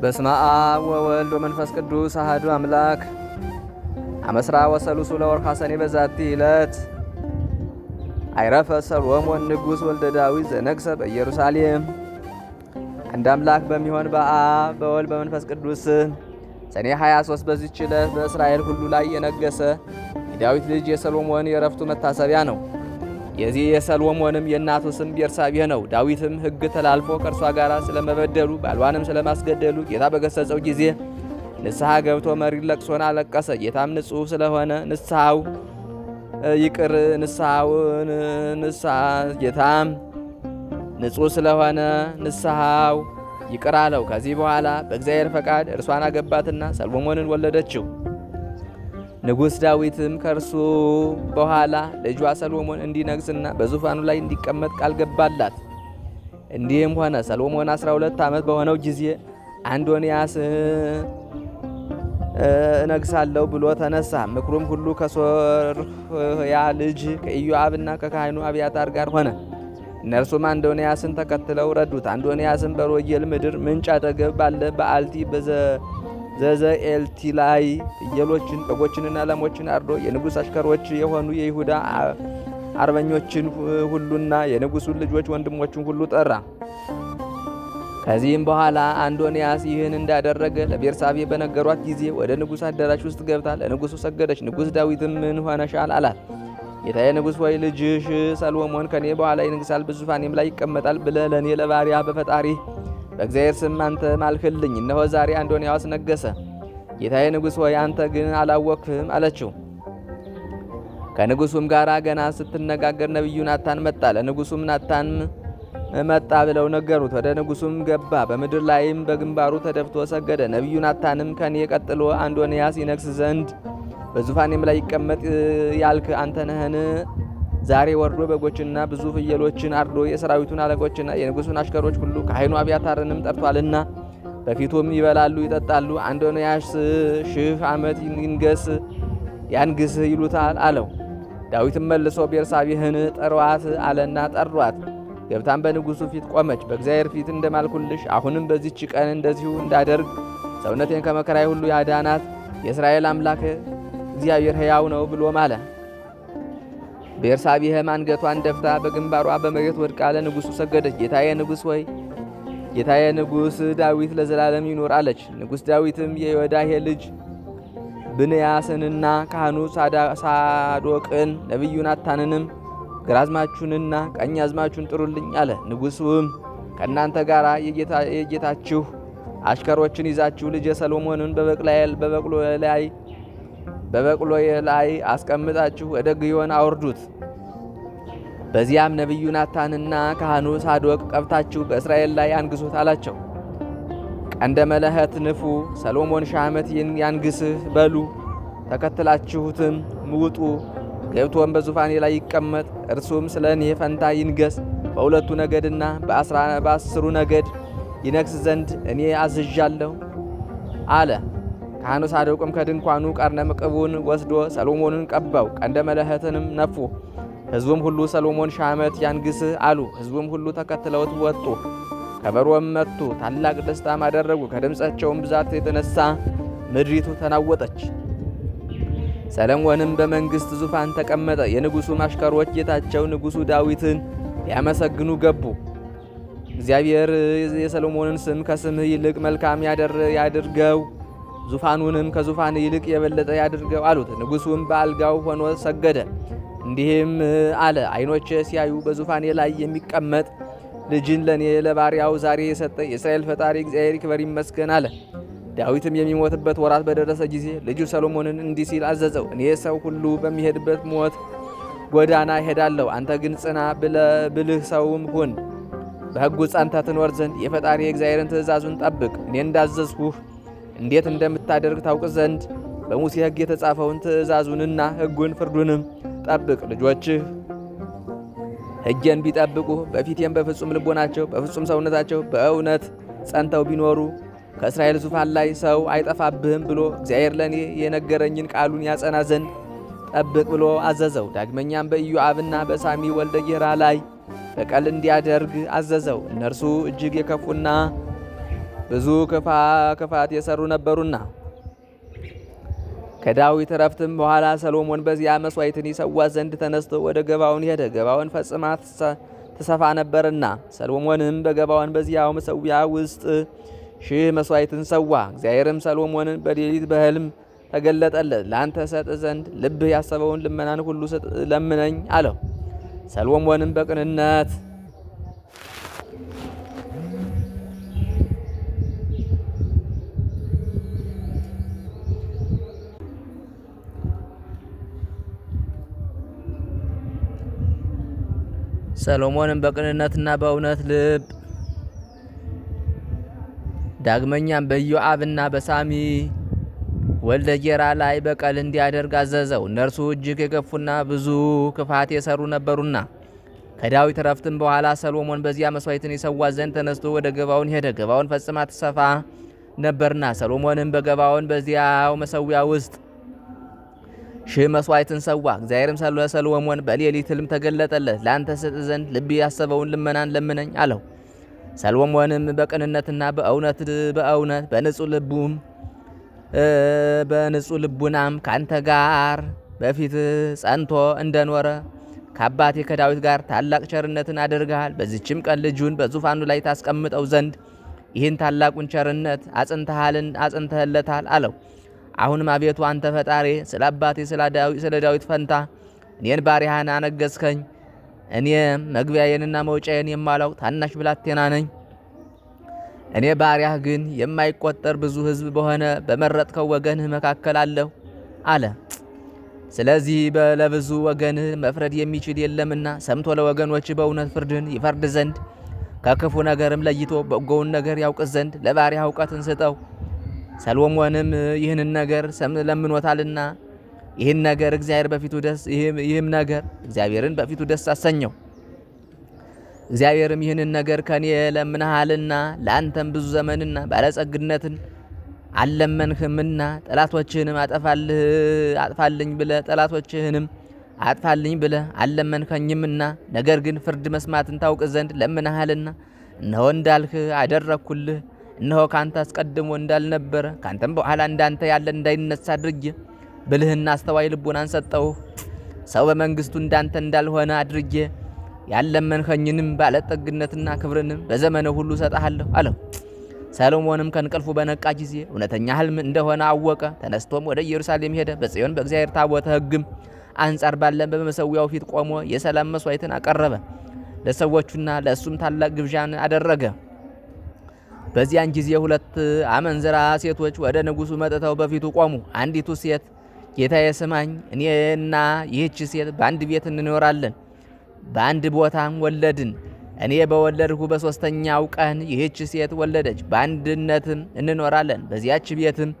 በስመ አብ ወወልድ ወመንፈስ ቅዱስ አህዱ አምላክ አመስራ ወሰሉሱ ለወርኃ ሰኔ በዛቲ ዕለት አይረፈ ሰሎሞን ንጉስ ወልደ ዳዊት ዘነግሰ በኢየሩሳሌም። አንድ አምላክ በሚሆን በአብ በወልድ በመንፈስ ቅዱስ ሰኔ 23 በዚች ዕለት በእስራኤል ሁሉ ላይ የነገሰ የዳዊት ልጅ የሰሎሞን የእረፍቱ መታሰቢያ ነው። የዚህ የሰሎሞንም የእናቱ ስም ቤርሳቤህ ነው። ዳዊትም ሕግ ተላልፎ ከእርሷ ጋር ስለመበደሉ ባሏንም ስለማስገደሉ ጌታ በገሰጸው ጊዜ ንስሐ ገብቶ መሪ ለቅሶን አለቀሰ። ጌታም ንጹሕ ስለሆነ ንስሐው ይቅር ንስሐውን ንስሐ ጌታም ንጹሕ ስለሆነ ንስሐው ይቅር አለው። ከዚህ በኋላ በእግዚአብሔር ፈቃድ እርሷን አገባትና ሰሎሞንን ወለደችው። ንጉሥ ዳዊትም ከእርሱ በኋላ ልጇ ሰሎሞን እንዲነግስና በዙፋኑ ላይ እንዲቀመጥ ቃል ገባላት። እንዲህም ሆነ። ሰሎሞን 12 ዓመት በሆነው ጊዜ አንዶንያስ እነግሳለሁ ብሎ ተነሳ። ምክሩም ሁሉ ከሶርያ ልጅ ከኢዮአብና ከካህኑ አብያታር ጋር ሆነ። እነርሱም አንዶንያስን ተከትለው ረዱት። አንዶንያስን በሮጌል ምድር ምንጭ አጠገብ ባለ በአልቲ ዘዘኤልቲላይ ፍየሎችን፣ በጎችንና ላሞችን አርዶ የንጉሥ አሽከሮች የሆኑ የይሁዳ አርበኞችን ሁሉና የንጉሡን ልጆች ወንድሞችን ሁሉ ጠራ። ከዚህም በኋላ አንዶንያስ ይህን እንዳደረገ ለቤርሳቤ በነገሯት ጊዜ ወደ ንጉሥ አዳራሽ ውስጥ ገብታ ለንጉሡ ሰገደች። ንጉሥ ዳዊትም ምን ሆነሻል አላት። ጌታዬ ንጉሥ ወይ ልጅሽ ሰሎሞን ከኔ በኋላ ይንግሣል፣ በዙፋኔም ላይ ይቀመጣል ብለህ ለእኔ ለባሪያ በፈጣሪ በእግዚአብሔር ስም አንተ ማልክልኝ። እነሆ ዛሬ አንዶንያስ ነገሰ። ጌታዬ ንጉሥ ሆይ አንተ ግን አላወቅህም አለችው። ከንጉሱም ጋር ገና ስትነጋገር ነቢዩ ናታን መጣ። ለንጉሱም ናታን መጣ ብለው ነገሩት። ወደ ንጉሱም ገባ፣ በምድር ላይም በግንባሩ ተደፍቶ ሰገደ። ነቢዩ ናታንም ከኔ ቀጥሎ አንዶንያስ ይነግስ ዘንድ በዙፋኔም ላይ ይቀመጥ ያልክ አንተ ነህን? ዛሬ ወርዶ በጎችና ብዙ ፍየሎችን አርዶ የሰራዊቱን አለቆችና የንጉሱን አሽከሮች ሁሉ ካህኑ አብያታርንም ጠርቷልና በፊቱም ይበላሉ፣ ይጠጣሉ። አዶንያስ ሺህ ዓመት ይንገስ ያንግስ ይሉታል አለው። ዳዊትም መልሶ ቤርሳቢህን ጠሯት አለና ጠሯት። ገብታም በንጉሱ ፊት ቆመች። በእግዚአብሔር ፊት እንደማልኩልሽ አሁንም በዚች ቀን እንደዚሁ እንዳደርግ ሰውነቴን ከመከራዬ ሁሉ ያዳናት የእስራኤል አምላክ እግዚአብሔር ሕያው ነው ብሎ ማለ። ቤርሳቤህም አንገቷን ደፍታ በግንባሯ በመሬት ወድቃ ለንጉሱ ሰገደች። ጌታዬ ንጉስ ወይ ጌታዬ ንጉስ ዳዊት ለዘላለም ይኖራለች። አለች። ዳዊትም የዮዳሄ ልጅ ብንያስንና ካህኑ ሳዶቅን ነቢዩ ናታንንም ግራዝማችሁንና ቀኝ አዝማችሁን ጥሩልኝ አለ። ንጉሱም ከእናንተ ጋር የጌታችሁ አሽከሮችን ይዛችሁ ልጄ ሰሎሞንን በበቅሎ ላይ በበቅሎ ላይ አስቀምጣችሁ ወደ ግዮን አውርዱት። በዚያም ነቢዩ ናታንና ካህኑ ሳዶቅ ቀብታችሁ በእስራኤል ላይ አንግሱት አላቸው። ቀንደ መለኸት ንፉ፣ ሰሎሞን ሺህ ዓመት ያንግስህ በሉ። ተከትላችሁትም ምውጡ። ገብቶን በዙፋኔ ላይ ይቀመጥ፣ እርሱም ስለ እኔ ፈንታ ይንገስ። በሁለቱ ነገድና በአስሩ ነገድ ይነግስ ዘንድ እኔ አዝዣለሁ አለ። ካህኑ ሳዶቅም ከድንኳኑ ቀርነ ምቅቡን ወስዶ ሰሎሞንን ቀባው፣ ቀንደ መለከትንም ነፉ። ሕዝቡም ሁሉ ሰሎሞን ሺህ ዓመት ያንግስ አሉ። ሕዝቡም ሁሉ ተከትለውት ወጡ፣ ከበሮም መቱ፣ ታላቅ ደስታም አደረጉ። ከድምፃቸውም ብዛት የተነሳ ምድሪቱ ተናወጠች። ሰለሞንም በመንግሥት ዙፋን ተቀመጠ። የንጉሡ ማሽከሮች ጌታቸው ንጉሡ ዳዊትን ሊያመሰግኑ ገቡ። እግዚአብሔር የሰሎሞንን ስም ከስምህ ይልቅ መልካም ያድርገው ዙፋኑንም ከዙፋን ይልቅ የበለጠ ያድርገው አሉት። ንጉሱም በአልጋው ሆኖ ሰገደ፣ እንዲህም አለ። አይኖች ሲያዩ በዙፋኔ ላይ የሚቀመጥ ልጅን ለእኔ ለባሪያው ዛሬ የሰጠ የእስራኤል ፈጣሪ እግዚአብሔር ይክበር ይመስገን አለ። ዳዊትም የሚሞትበት ወራት በደረሰ ጊዜ ልጁ ሰሎሞንን እንዲህ ሲል አዘዘው፣ እኔ ሰው ሁሉ በሚሄድበት ሞት ጎዳና ይሄዳለሁ፣ አንተ ግን ጽና፣ ብልህ ሰውም ሁን፣ በሕጉ ጸንተህ ትኖር ዘንድ የፈጣሪ እግዚአብሔርን ትእዛዙን ጠብቅ። እኔ እንዳዘዝሁህ እንዴት እንደምታደርግ ታውቅ ዘንድ በሙሴ ሕግ የተጻፈውን ትእዛዙንና ሕጉን ፍርዱንም ጠብቅ። ልጆችህ ሕጌን ቢጠብቁ በፊቴም በፍጹም ልቦናቸው በፍጹም ሰውነታቸው በእውነት ጸንተው ቢኖሩ ከእስራኤል ዙፋን ላይ ሰው አይጠፋብህም ብሎ እግዚአብሔር ለእኔ የነገረኝን ቃሉን ያጸና ዘንድ ጠብቅ ብሎ አዘዘው። ዳግመኛም በኢዮአብና በሳሚ ወልደ ጌራ ላይ በቀል እንዲያደርግ አዘዘው። እነርሱ እጅግ የከፉና ብዙ ክፋት የሰሩ ነበሩና። ከዳዊት እረፍትም በኋላ ሰሎሞን በዚያ መስዋዕትን ይሰዋ ዘንድ ተነስቶ ወደ ገባውን ሄደ። ገባውን ፈጽማ ትሰፋ ነበርና ሰሎሞንም በገባውን በዚያው መሰዊያ ውስጥ ሺህ መስዋዕትን ሰዋ። እግዚአብሔርም ሰሎሞንን በሌሊት በህልም ተገለጠለት። ለአንተ ሰጥ ዘንድ ልብህ ያሰበውን ልመናን ሁሉ ለምነኝ አለው። ሰሎሞንም በቅንነት ሰሎሞንም በቅንነትና በእውነት ልብ ዳግመኛም በኢዮአብና በሳሚ ወልደ ጌራ ላይ በቀል እንዲያደርግ አዘዘው። እነርሱ እጅግ የገፉና ብዙ ክፋት የሰሩ ነበሩና። ከዳዊት ረፍትም በኋላ ሰሎሞን በዚያ መስዋዕትን ይሰዋ ዘንድ ተነስቶ ወደ ገባውን ሄደ። ገባውን ፈጽማ ትሰፋ ነበርና ሰሎሞንም በገባውን በዚያው መሰዊያ ውስጥ ሺህ መስዋዕትን ሰዋ። እግዚአብሔርም ለሰሎሞን በሌሊት ሕልም ተገለጠለት። ለአንተ ስጥ ዘንድ ልብ ያሰበውን ልመናን ለምነኝ አለው። ሰሎሞንም በቅንነትና በእውነት በእውነት በንጹህ ልቡም በንጹህ ልቡናም ካንተ ጋር በፊት ጸንቶ እንደኖረ ከአባቴ ከዳዊት ጋር ታላቅ ቸርነትን አድርገሃል። በዚችም ቀን ልጁን በዙፋኑ ላይ ታስቀምጠው ዘንድ ይህን ታላቁን ቸርነት አጽንተሃልን አጽንተህለታል አለው። አሁንም አቤቱ አንተ ፈጣሪ ስለ አባቴ ስለ ዳዊት ፈንታ እኔን ባሪያህን አነገስከኝ። እኔ መግቢያዬንና መውጫዬን የማላውቅ ታናሽ ብላቴና ነኝ። እኔ ባሪያህ ግን የማይቆጠር ብዙ ሕዝብ በሆነ በመረጥከው ወገንህ መካከል አለሁ አለ። ስለዚህ ለብዙ ወገንህ መፍረድ የሚችል የለምና ሰምቶ ለወገኖች በእውነት ፍርድን ይፈርድ ዘንድ ከክፉ ነገርም ለይቶ በጎውን ነገር ያውቅ ዘንድ ለባሪያህ እውቀትን ስጠው። ሰሎሞንም ይህንን ነገር ለምኖታልና ይህን ነገር እግዚአብሔር በፊቱ ደስ ይህም ነገር እግዚአብሔርን በፊቱ ደስ አሰኘው። እግዚአብሔርም ይህንን ነገር ከኔ ለምንሃልና ለአንተም ብዙ ዘመንና ባለጸግነትን አለመንህምና ጠላቶችህንም አጠፋልህ አጥፋልኝ ብለ ጠላቶችህንም አጥፋልኝ ብለ አለመንከኝምና ነገር ግን ፍርድ መስማትን ታውቅ ዘንድ ለምንሃልና እነሆ እንዳልህ አደረግኩልህ። እነሆ ካንተ አስቀድሞ እንዳልነበረ ካንተም በኋላ እንዳንተ ያለ እንዳይነሳ አድርጌ ብልህና አስተዋይ ልቦናን ሰጠው ሰው በመንግስቱ እንዳንተ እንዳልሆነ አድርጌ ያለመንኸኝንም ባለጠግነትና ክብርንም በዘመነ ሁሉ እሰጥሃለሁ አለው። ሰሎሞንም ከእንቅልፉ በነቃ ጊዜ እውነተኛ ህልም እንደሆነ አወቀ። ተነስቶም ወደ ኢየሩሳሌም ሄደ። በጽዮን በእግዚአብሔር ታቦተ ሕግም አንጻር ባለን በመሰዊያው ፊት ቆሞ የሰላም መስዋዕትን አቀረበ። ለሰዎቹና ለእሱም ታላቅ ግብዣን አደረገ። በዚያን ጊዜ ሁለት አመንዝራ ሴቶች ወደ ንጉሱ መጥተው በፊቱ ቆሙ። አንዲቱ ሴት ጌታዬ ስማኝ፣ እኔና ይህች ሴት በአንድ ቤት እንኖራለን፣ በአንድ ቦታም ወለድን። እኔ በወለድሁ በሶስተኛው ቀን ይህች ሴት ወለደች። በአንድነትም እንኖራለን። በዚያች ቤትም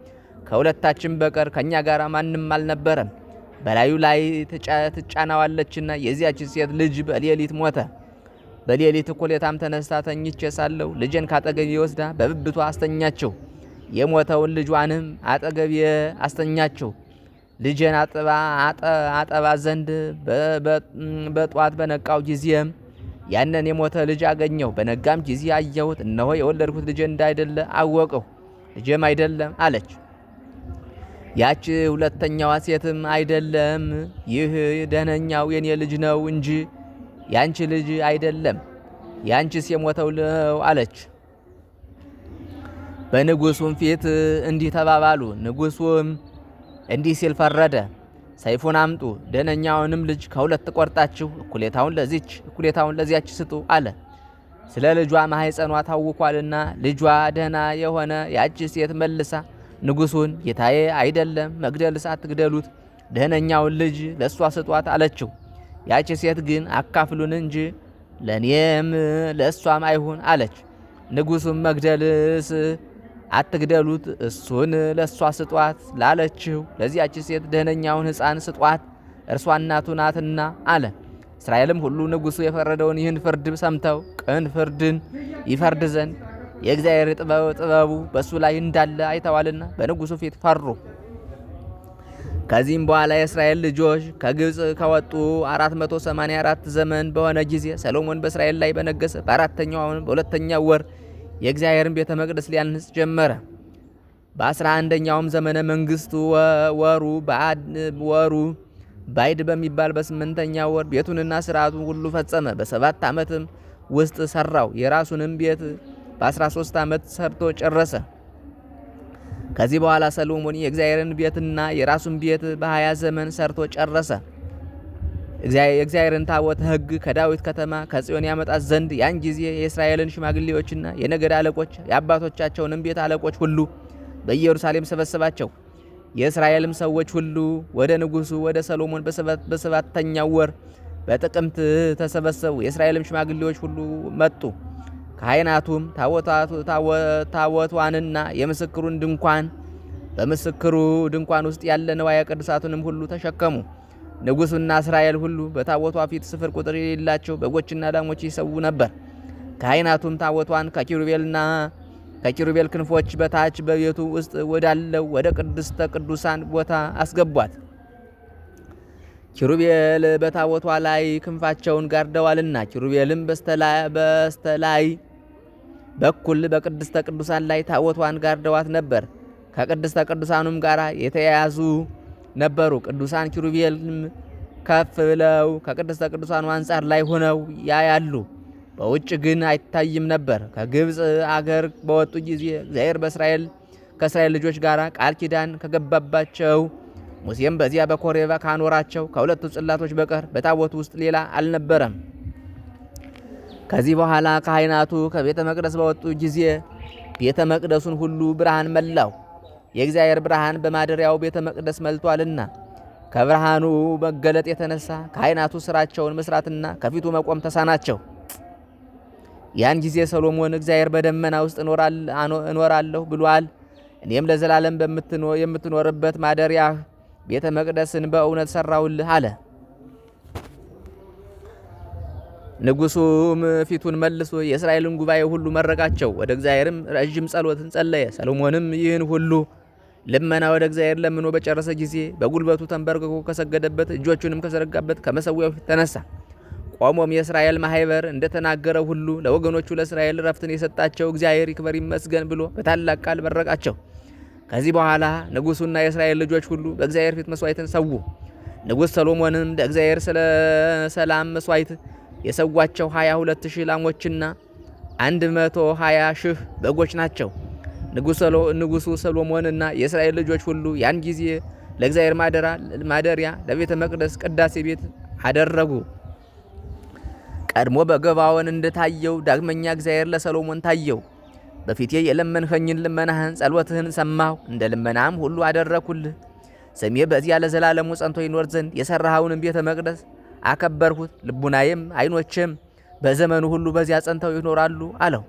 ከሁለታችን በቀር ከእኛ ጋር ማንም አልነበረም። በላዩ ላይ ትጫናዋለችና የዚያች ሴት ልጅ በሌሊት ሞተ። በሌሊት እኩሌታም የታም ተነስታ ተኝቼ ሳለሁ ልጄን ካጠገቤ ወስዳ በብብቷ አስተኛቸው። የሞተውን ልጇንም አጠገቤ አስተኛቸው። ልጄን አጥባ አጠባ ዘንድ በጧት በነቃው ጊዜም ያንን የሞተ ልጅ አገኘው። በነጋም ጊዜ አየሁት፣ እነሆ የወለድኩት ልጄ እንዳይደለ አወቀው። ልጄም አይደለም አለች። ያች ሁለተኛዋ ሴትም አይደለም፣ ይህ ደህነኛው የኔ ልጅ ነው እንጂ ያንቺ ልጅ አይደለም፣ ያንቺስ የሞተው ነው አለች። በንጉሱም ፊት እንዲህ ተባባሉ። ንጉሱም እንዲህ ሲል ፈረደ። ሰይፉን አምጡ፣ ደነኛውንም ልጅ ከሁለት ቆርጣችሁ እኩሌታውን ለዚች እኩሌታውን ለዚያች ስጡ አለ። ስለ ልጇ ማህፀኗ ታውቋልና ልጇ ደህና የሆነ ያቺ ሴት መልሳ ንጉሱን ጌታዬ አይደለም፣ መግደልስ አትግደሉት፣ ደህነኛውን ልጅ ለእሷ ስጧት አለችው። ያች ሴት ግን አካፍሉን እንጂ ለእኔም ለእሷም አይሁን አለች። ንጉሱም መግደልስ አትግደሉት፣ እሱን ለእሷ ስጧት ላለችው ለዚያች ሴት ደህነኛውን ሕፃን ስጧት፣ እርሷ እናቱ ናትና አለ። እስራኤልም ሁሉ ንጉሱ የፈረደውን ይህን ፍርድ ሰምተው ቅን ፍርድን ይፈርድ ዘንድ የእግዚአብሔር ጥበቡ በእሱ ላይ እንዳለ አይተዋልና በንጉሱ ፊት ፈሩ። ከዚህም በኋላ የእስራኤል ልጆች ከግብፅ ከወጡ 484 ዘመን በሆነ ጊዜ ሰሎሞን በእስራኤል ላይ በነገሰ በአራተኛው በሁለተኛው ወር የእግዚአብሔርን ቤተ መቅደስ ሊያንጽ ጀመረ። በ11ኛውም ዘመነ መንግስቱ ወሩ ወሩ ባይድ በሚባል በስምንተኛ ወር ቤቱንና ስርዓቱን ሁሉ ፈጸመ። በሰባት ዓመትም ውስጥ ሰራው። የራሱንም ቤት በ13 ዓመት ሰርቶ ጨረሰ። ከዚህ በኋላ ሰሎሞን የእግዚአብሔርን ቤትና የራሱን ቤት በሀያ ዘመን ሰርቶ ጨረሰ። የእግዚአብሔርን ታቦት ሕግ ከዳዊት ከተማ ከጽዮን ያመጣት ዘንድ ያን ጊዜ የእስራኤልን ሽማግሌዎችና የነገድ አለቆች የአባቶቻቸውንም ቤት አለቆች ሁሉ በኢየሩሳሌም ሰበሰባቸው። የእስራኤልም ሰዎች ሁሉ ወደ ንጉሡ ወደ ሰሎሞን በሰባተኛው ወር በጥቅምት ተሰበሰቡ። የእስራኤልም ሽማግሌዎች ሁሉ መጡ። ካህናቱም ታቦቷንና የምስክሩን ድንኳን በምስክሩ ድንኳን ውስጥ ያለ ንዋየ ቅድሳቱንም ሁሉ ተሸከሙ። ንጉሡና እስራኤል ሁሉ በታቦቷ ፊት ስፍር ቁጥር የሌላቸው በጎችና ላሞች ይሰዉ ነበር። ካህናቱም ታቦቷን ከኪሩቤልና ከኪሩቤል ክንፎች በታች በቤቱ ውስጥ ወዳለው ወደ ቅድስተ ቅዱሳን ቦታ አስገቧት። ኪሩቤል በታቦቷ ላይ ክንፋቸውን ጋርደዋልና ኪሩቤልም በስተላይ በኩል በቅድስተ ቅዱሳን ላይ ታቦቷን ጋርደዋት ነበር። ከቅድስተ ቅዱሳኑም ጋር የተያያዙ ነበሩ። ቅዱሳን ኪሩቤልም ከፍ ብለው ከቅድስተ ቅዱሳኑ አንጻር ላይ ሆነው ያያሉ። በውጭ ግን አይታይም ነበር። ከግብፅ አገር በወጡ ጊዜ እግዚአብሔር በእስራኤል ከእስራኤል ልጆች ጋር ቃል ኪዳን ከገባባቸው ሙሴም በዚያ በኮሬባ ካኖራቸው ከሁለቱ ጽላቶች በቀር በታቦት ውስጥ ሌላ አልነበረም። ከዚህ በኋላ ካህናቱ ከቤተ መቅደስ በወጡ ጊዜ ቤተ መቅደሱን ሁሉ ብርሃን መላው፣ የእግዚአብሔር ብርሃን በማደሪያው ቤተ መቅደስ መልቷልና። ከብርሃኑ መገለጥ የተነሳ ካህናቱ ስራቸውን መስራትና ከፊቱ መቆም ተሳናቸው። ያን ጊዜ ሰሎሞን እግዚአብሔር በደመና ውስጥ እኖራለሁ ብሏል፣ እኔም ለዘላለም የምትኖርበት ማደሪያህ ቤተ መቅደስን በእውነት ሰራውልህ አለ። ንጉሱም ፊቱን መልሶ የእስራኤልን ጉባኤ ሁሉ መረቃቸው። ወደ እግዚአብሔርም ረዥም ጸሎትን ጸለየ። ሰሎሞንም ይህን ሁሉ ልመና ወደ እግዚአብሔር ለምኖ በጨረሰ ጊዜ በጉልበቱ ተንበርክኮ ከሰገደበት እጆቹንም ከዘረጋበት ከመሰዊያው ፊት ተነሳ። ቆሞም የእስራኤል ማህበር እንደተናገረ ሁሉ ለወገኖቹ ለእስራኤል ረፍትን የሰጣቸው እግዚአብሔር ይክበር ይመስገን ብሎ በታላቅ ቃል መረቃቸው። ከዚህ በኋላ ንጉሱና የእስራኤል ልጆች ሁሉ በእግዚአብሔር ፊት መስዋዕትን ሰዉ። ንጉሥ ሰሎሞንም ለእግዚአብሔር ስለ ሰላም መስዋዕት የሰዋቸው 22 ሺህ ላሞችና 120 ሺህ በጎች ናቸው። ንጉሱ ሰሎሞንና የእስራኤል ልጆች ሁሉ ያን ጊዜ ለእግዚአብሔር ማደሪያ ለቤተ መቅደስ ቅዳሴ ቤት አደረጉ። ቀድሞ በገባዖን እንደታየው ዳግመኛ እግዚአብሔር ለሰሎሞን ታየው። በፊቴ የለመንኸኝን ልመናህን ጸሎትህን ሰማሁ፣ እንደ ልመናም ሁሉ አደረኩልህ። ስሜ በዚያ ለዘላለሙ ጸንቶ ይኖር ዘንድ የሰራኸውን ቤተ መቅደስ አከበርሁት፣ ልቡናዬም አይኖችም በዘመኑ ሁሉ በዚያ ጸንተው ይኖራሉ አለው።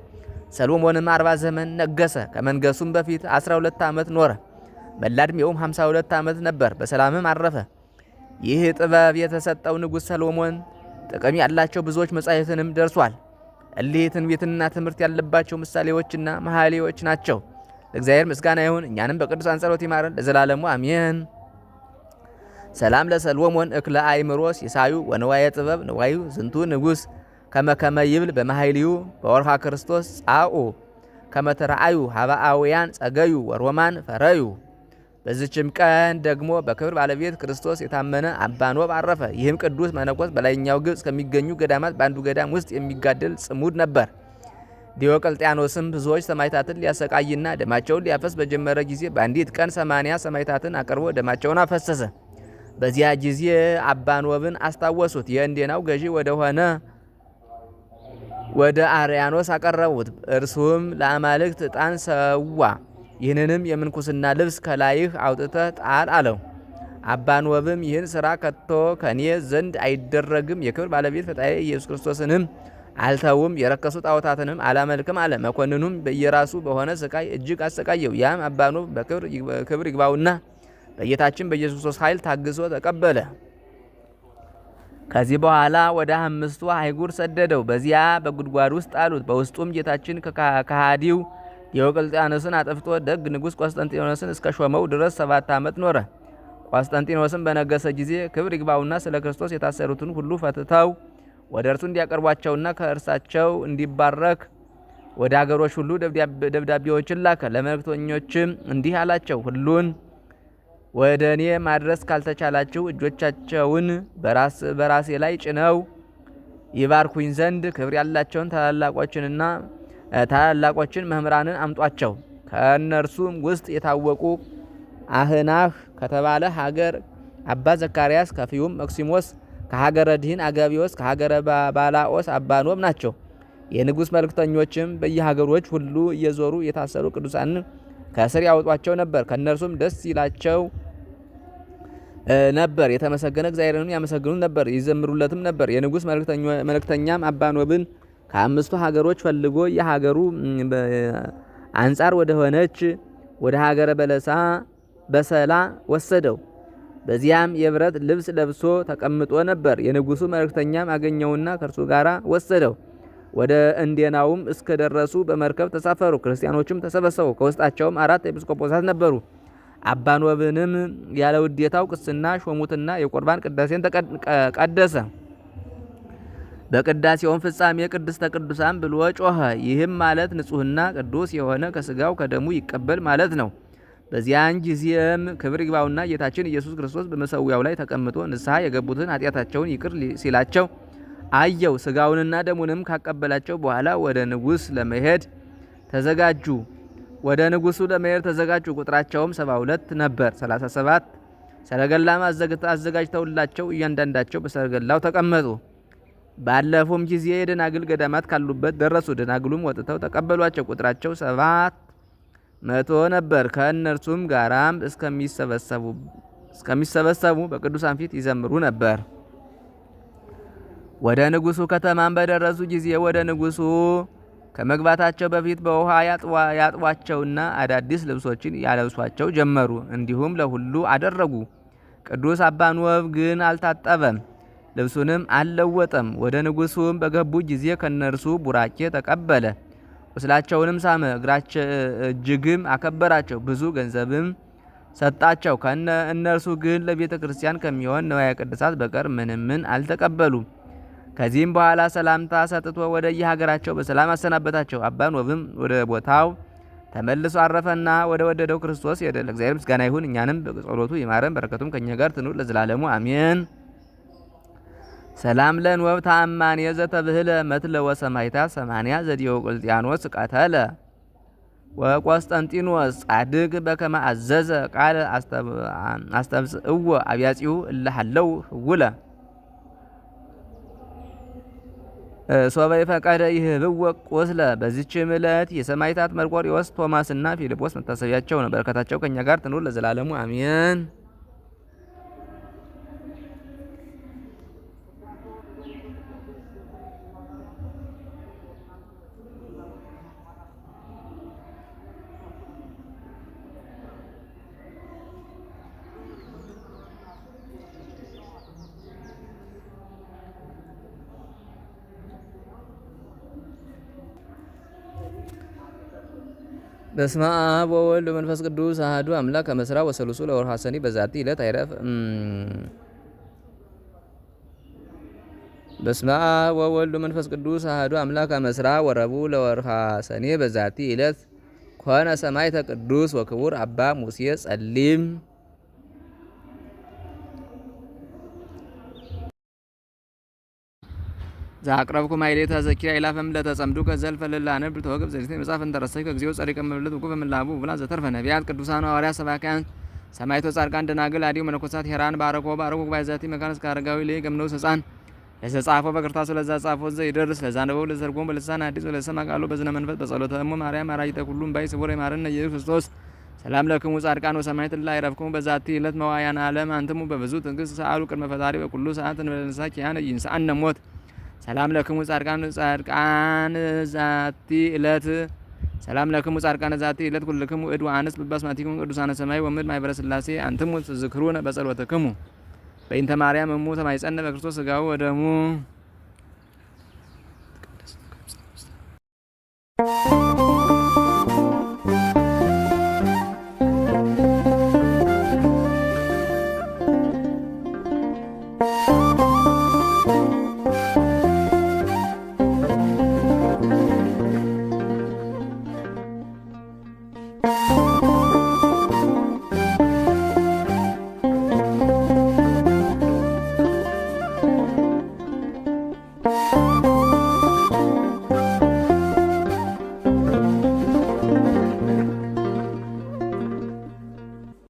ሰሎሞንም አርባ ዘመን ነገሰ። ከመንገሱም በፊት 12 ዓመት ኖረ። መላ 52 ዓመት ነበር። በሰላምም አረፈ። ይህ ጥበብ የተሰጠው ንጉሥ ሰሎሞን ጥቅም ያላቸው ብዙዎች መጻሕፍትንም ደርሷል። እሊህ ትንቢትና ትምህርት ያለባቸው ምሳሌዎችና መሐሌዎች ናቸው። ለእግዚአብሔር ምስጋና ይሁን፣ እኛንም በቅዱሳን ጸሎት ይማረን ለዘላለሙ አሜን። ሰላም ለሰሎሞን እክለ አእምሮ ሲሳዩ ወንዋየ ጥበብ ንዋዩ ዝንቱ ንጉሥ ከመከመ ይብል በማኃይልዩ በወርሃ ክርስቶስ ጻኡ ከመተረአዩ ሀባአውያን ጸገዩ ወሮማን ፈረዩ። በዚችም ቀን ደግሞ በክብር ባለቤት ክርስቶስ የታመነ አባ ኖብ አረፈ። ይህም ቅዱስ መነኮስ በላይኛው ግብፅ ከሚገኙ ገዳማት በአንዱ ገዳም ውስጥ የሚጋደል ጽሙድ ነበር። ዲዮቅልጥያኖስም ብዙዎች ሰማይታትን ሊያሰቃይና ደማቸውን ሊያፈስ በጀመረ ጊዜ በአንዲት ቀን ሰማንያ ሰማይታትን አቅርቦ ደማቸውን አፈሰሰ። በዚያ ጊዜ አባኖብን አስታወሱት። የእንዴናው ገዢ ሆነ ወደ አርያኖስ አቀረቡት። እርሱም ለአማልክት እጣን ሰዋ። ይህንንም የምንኩስና ልብስ ከላይህ አውጥተህ ጣል አለው። አባኖብም ይህን ስራ ከቶ ከኔ ዘንድ አይደረግም፣ የክብር ባለቤት ፈጣሪ ኢየሱስ ክርስቶስንም አልተውም፣ የረከሱ ጣዖታትንም አላመልክም አለ። መኮንኑም በየራሱ በሆነ ስቃይ እጅግ አሰቃየው። ያም አባኖብ በክብር ይግባውና በጌታችን በኢየሱስ ክርስቶስ ኃይል ታግሶ ተቀበለ። ከዚህ በኋላ ወደ አምስቱ አይጉር ሰደደው። በዚያ በጉድጓድ ውስጥ ጣሉት። በውስጡም ጌታችን ከሃዲው ዲዮቅልጥያኖስን አጥፍቶ ደግ ንጉሥ ቆስጠንጢኖስን እስከ ሾመው ድረስ ሰባት ዓመት ኖረ። ቆስጠንጢኖስን በነገሰ ጊዜ ክብር ይግባውና ስለ ክርስቶስ የታሰሩትን ሁሉ ፈትተው ወደ እርሱ እንዲያቀርቧቸውና ከእርሳቸው እንዲባረክ ወደ አገሮች ሁሉ ደብዳቤዎችን ላከ። ለመልእክተኞችም እንዲህ አላቸው ሁሉን ወደ እኔ ማድረስ ካልተቻላችሁ እጆቻቸውን በራሴ ላይ ጭነው ይባርኩኝ ዘንድ ክብር ያላቸውን ታላላቆችንና ታላላቆችን መምህራንን አምጧቸው። ከእነርሱም ውስጥ የታወቁ አህናህ ከተባለ ሀገር አባ ዘካርያስ፣ ከፊዩም መክሲሞስ፣ ከሀገረ ድህን አጋቢዎስ፣ ከሀገረ ባላኦስ አባ ኖብ ናቸው። የንጉሥ መልእክተኞችም በየሀገሮች ሁሉ እየዞሩ የታሰሩ ቅዱሳንን ከእስር ያወጧቸው ነበር። ከእነርሱም ደስ ይላቸው ነበር። የተመሰገነ እግዚአብሔርንም ያመሰግኑት ነበር፣ ይዘምሩለትም ነበር። የንጉስ መልእክተኛም አባኖብን ከአምስቱ ሀገሮች ፈልጎ የሀገሩ አንጻር ወደ ሆነች ወደ ሀገረ በለሳ በሰላ ወሰደው። በዚያም የብረት ልብስ ለብሶ ተቀምጦ ነበር። የንጉሱ መልእክተኛም አገኘውና ከእርሱ ጋር ወሰደው። ወደ እንዴናውም እስከደረሱ በመርከብ ተሳፈሩ። ክርስቲያኖችም ተሰበሰቡ። ከውስጣቸውም አራት ኤጲስቆጶሳት ነበሩ። አባኖብንም ያለ ውዴታው ቅስና ሾሙትና የቁርባን ቅዳሴን ቀደሰ። በቅዳሴውን ፍጻሜ ቅድስተ ቅዱሳን ብሎ ጮኸ። ይህም ማለት ንጹህና ቅዱስ የሆነ ከስጋው ከደሙ ይቀበል ማለት ነው። በዚያን ጊዜም ክብር ይግባውና ጌታችን ኢየሱስ ክርስቶስ በመሰዊያው ላይ ተቀምጦ ንስሐ የገቡትን ኃጢአታቸውን ይቅር ሲላቸው አየው። ስጋውንና ደሙንም ካቀበላቸው በኋላ ወደ ንጉሥ ለመሄድ ተዘጋጁ። ወደ ንጉሱ ለመሄድ ተዘጋጁ። ቁጥራቸውም 72 ነበር። 37 ሰረገላም አዘጋጅተውላቸው እያንዳንዳቸው በሰረገላው ተቀመጡ። ባለፉም ጊዜ የደናግል ገዳማት ካሉበት ደረሱ። ደናግሉም ወጥተው ተቀበሏቸው። ቁጥራቸው ሰባት መቶ ነበር። ከእነርሱም ጋራም እስከሚሰበሰቡ በቅዱሳን ፊት ይዘምሩ ነበር። ወደ ንጉሱ ከተማም በደረሱ ጊዜ ወደ ንጉሱ ከመግባታቸው በፊት በውሃ ያጥቧቸውና አዳዲስ ልብሶችን ያለብሷቸው ጀመሩ። እንዲሁም ለሁሉ አደረጉ። ቅዱስ አባን ወብ ግን አልታጠበም፣ ልብሱንም አልለወጠም። ወደ ንጉሡም በገቡ ጊዜ ከነርሱ ቡራኬ ተቀበለ። ቁስላቸውንም ሳመ፣ እግራቸው እጅግም አከበራቸው። ብዙ ገንዘብም ሰጣቸው። ከእነርሱ እነርሱ ግን ለቤተ ክርስቲያን ከሚሆን ንዋየ ቅድሳት በቀር ምንምን አልተቀበሉም። ከዚህም በኋላ ሰላምታ ሰጥቶ ወደ የሀገራቸው በሰላም አሰናበታቸው። አባ ኖብም ወደ ቦታው ተመልሶ አረፈና ወደ ወደደው ክርስቶስ ሄደ። ለእግዚአብሔር ምስጋና ይሁን፣ እኛንም በጸሎቱ ይማረን፣ በረከቱም ከኛ ጋር ትኑር ለዘላለሙ አሜን። ሰላም ታማን የዘተ ዘተብህለ መትለ ወሰማይታ ሰማንያ ዘዲዮቅልጥያኖስ ቀተለ ወቆስጠንጢኖስ ጻድቅ በከመ አዘዘ ቃል አስተብጽእዎ አብያጺሁ እለሃለው ህውለ ሶበይ ፈቀደ ይህ ብወቅ ወስለ በዚችም ዕለት የሰማዕታት መርቆሬዎስ ቶማስና ፊልጶስ መታሰቢያቸው ነው። በረከታቸው ከኛ ጋር ትኑር ለዘላለሙ አሜን። በስመ አብ ወወልድ ወመንፈስ ቅዱስ አህዱ አምላክ ከመስራ ወሰሉሱ ለወርሃ ሰኔ በዛቲ ዕለት አይረፍ። በስመ አብ ወወልድ ወመንፈስ ቅዱስ አሐዱ አምላክ ከመስራ ወረቡ ለወርሃ ሰኔ በዛቲ ዕለት ኮነ ሰማዕተ ቅዱስ ወክቡር አባ ሙሴ ጸሊም ዛቅረብኩ ማይሌታ ዘኪራ ይላፈም ለተጸምዱ ከዘል ፈለላነ ብልተወግብ ዘሪት መጻፍ እንተረሰይ ከግዚኦ ጸሪቀ መብለት ወቁ በመላቡ ብላ ዘተርፈ ነቢያት ቅዱሳን ሐዋርያ ሰባካን ሰማይቶ ጻድቃን ደናግል አዲው መነኮሳት ሄራን ባረኮ ባረኮ ባይዛቲ መካንስ ካረጋዊ ለይ ገምነው ሰጻን ለዘጻፎ በቅርታሱ ለዛ ጻፎ ዘይደርስ ለዛ ነበው ለዘርጎም በልሳን አዲስ ለሰማ ቃሉ በዝነ መንፈስ በጸሎተ እሙ ማርያም አራጅተ ሁሉም ባይ ስቡር ይማረነ ኢየሱስ ክርስቶስ ሰላም ለክሙ ጻድቃን ወሰማይት ላይ ረፍኩም በዛቲ ዕለት መዋያን ዓለም አንትሙ በብዙ ትዕግስት ሰአሉ ቅድመ ፈጣሪ በኩሉ ሰዓት እንበለንሳ ኪያነ ይንሳአነ ሞት ሰላም ለክሙ ጻድቃን ጻድቃን ዛቲ እለት ሰላም ለክሙ ጻድቃን ዛቲ እለት ኩልክሙ እድ ወአንስ በባስማቲክሙ ቅዱሳነ ሰማይ ወምድ ማኅበረ ሥላሴ አንትሙ ትዝክሩነ በጸሎትክሙ በእንተ ማርያም እሙ ተማይጸነ በክርስቶስ ሥጋው ወደሙ Thank you.